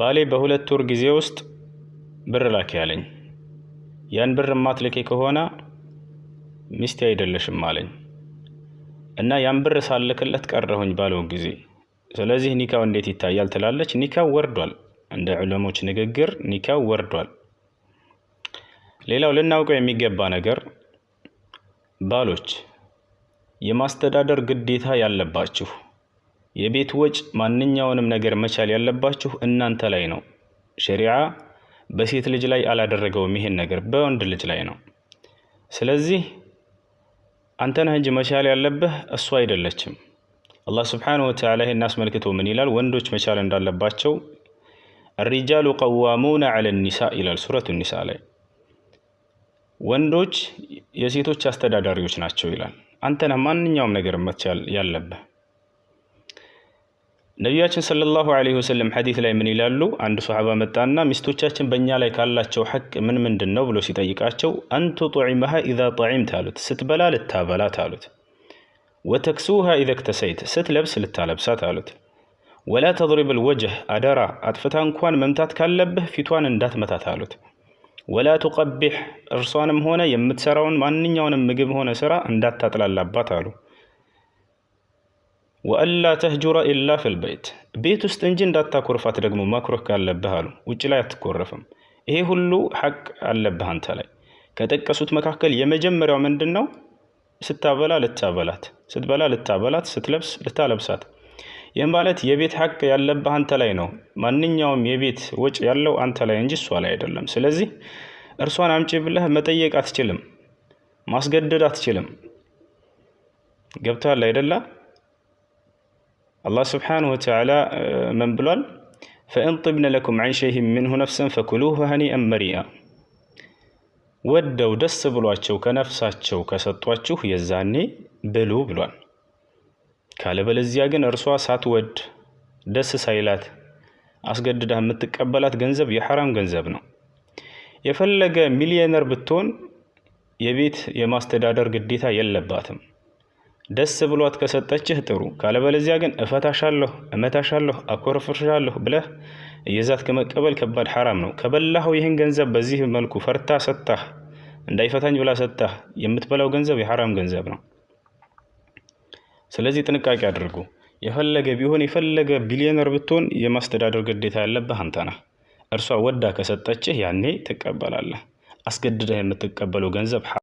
ባሌ በሁለት ወር ጊዜ ውስጥ ብር ላኪ አለኝ። ያን ብር ማትልኬ ከሆነ ሚስቴ አይደለሽም አለኝ እና ያን ብር ሳልልክለት ቀረሁኝ ባለው ጊዜ ስለዚህ ኒካው እንዴት ይታያል ትላለች። ኒካው ወርዷል። እንደ ዑለሞች ንግግር ኒካው ወርዷል። ሌላው ልናውቀው የሚገባ ነገር ባሎች የማስተዳደር ግዴታ ያለባችሁ የቤት ወጭ ማንኛውንም ነገር መቻል ያለባችሁ እናንተ ላይ ነው። ሸሪዓ በሴት ልጅ ላይ አላደረገውም። ይሄን ነገር በወንድ ልጅ ላይ ነው። ስለዚህ አንተ ነህ እንጂ መቻል ያለብህ እሱ አይደለችም። አላህ ስብሓነሁ ወተዓላ ይሄን አስመልክቶ ምን ይላል? ወንዶች መቻል እንዳለባቸው ሪጃሉ ቀዋሙና ዐለ ኒሳ ይላል ሱረቱ ኒሳ ላይ። ወንዶች የሴቶች አስተዳዳሪዎች ናቸው ይላል። አንተ ነህ ማንኛውም ነገር መቻል ያለብህ ነቢያችን ሰለላሁ ዐለይሂ ወሰለም ሐዲስ ላይ ምን ይላሉ? አንድ ሶሓባ መጣና ሚስቶቻችን በእኛ ላይ ካላቸው ሐቅ ምን ምንድን ነው ብሎ ሲጠይቃቸው አንቱ ጡዒመሃ ኢዛ ጣዒምት አሉት፣ ስትበላ ልታበላት አሉት። ወተክሱሃ ኢዘ ክተሰይት፣ ስትለብስ ልታለብሳት አሉት። ወላ ተድሪብ ልወጅህ፣ አደራ አጥፍታ እንኳን መምታት ካለብህ ፊቷን እንዳትመታት አሉት። ወላ ቱቀቢሕ፣ እርሷንም ሆነ የምትሰራውን ማንኛውንም ምግብ ሆነ ስራ እንዳታጥላላባት አሉ። ወአላ ተህጁራ ኢላ ፊልበይት ቤት ውስጥ እንጂ እንዳታኮርፋት ደግሞ ማኩረፍ ካለብህ አሉ። ውጭ ላይ አትኮረፍም። ይሄ ሁሉ ሐቅ አለብህ አንተ ላይ። ከጠቀሱት መካከል የመጀመሪያው ምንድን ነው? ስታበላ ልታበላት፣ ስትበላ ልታበላት፣ ስትለብስ ልታለብሳት። ይህም ማለት የቤት ሐቅ ያለብህ አንተ ላይ ነው። ማንኛውም የቤት ወጪ ያለው አንተ ላይ እንጂ እሷ ላይ አይደለም። ስለዚህ እርሷን አምጪ ብለህ መጠየቅ አትችልም፣ ማስገደድ አትችልም። ገብተሃል አይደላ? አላህ ስብሓነሁ ወተዓላ ምን ብሏል? ፈኢን ጢብነ ለኩም ዐን ሸይኢን ሚንሁ ነፍሰን ፈኩሉሁ ሀኒአን መሪአ። ወደው ደስ ብሏቸው ከነፍሳቸው ከሰጧችሁ የዛኔ ብሉ ብሏል። ካለበለዚያ ግን እርሷ ሳትወድ ደስ ሳይላት አስገድዳ የምትቀበላት ገንዘብ የሐራም ገንዘብ ነው። የፈለገ ሚሊዮነር ብትሆን የቤት የማስተዳደር ግዴታ የለባትም። ደስ ብሏት ከሰጠችህ ጥሩ፣ ካለበለዚያ ግን እፈታሻለሁ፣ እመታሻለሁ፣ አኮርፍርሻለሁ ብለህ እየዛት ከመቀበል ከባድ ሐራም ነው። ከበላኸው ይህን ገንዘብ በዚህ መልኩ ፈርታ ሰጥታህ እንዳይፈታኝ ብላ ሰጥታህ የምትበላው ገንዘብ የሐራም ገንዘብ ነው። ስለዚህ ጥንቃቄ አድርጉ። የፈለገ ቢሆን የፈለገ ቢሊዮነር ብትሆን የማስተዳደር ግዴታ ያለብህ አንተና እርሷ ወዳ ከሰጠችህ ያኔ ትቀበላለህ። አስገድደህ የምትቀበለው ገንዘብ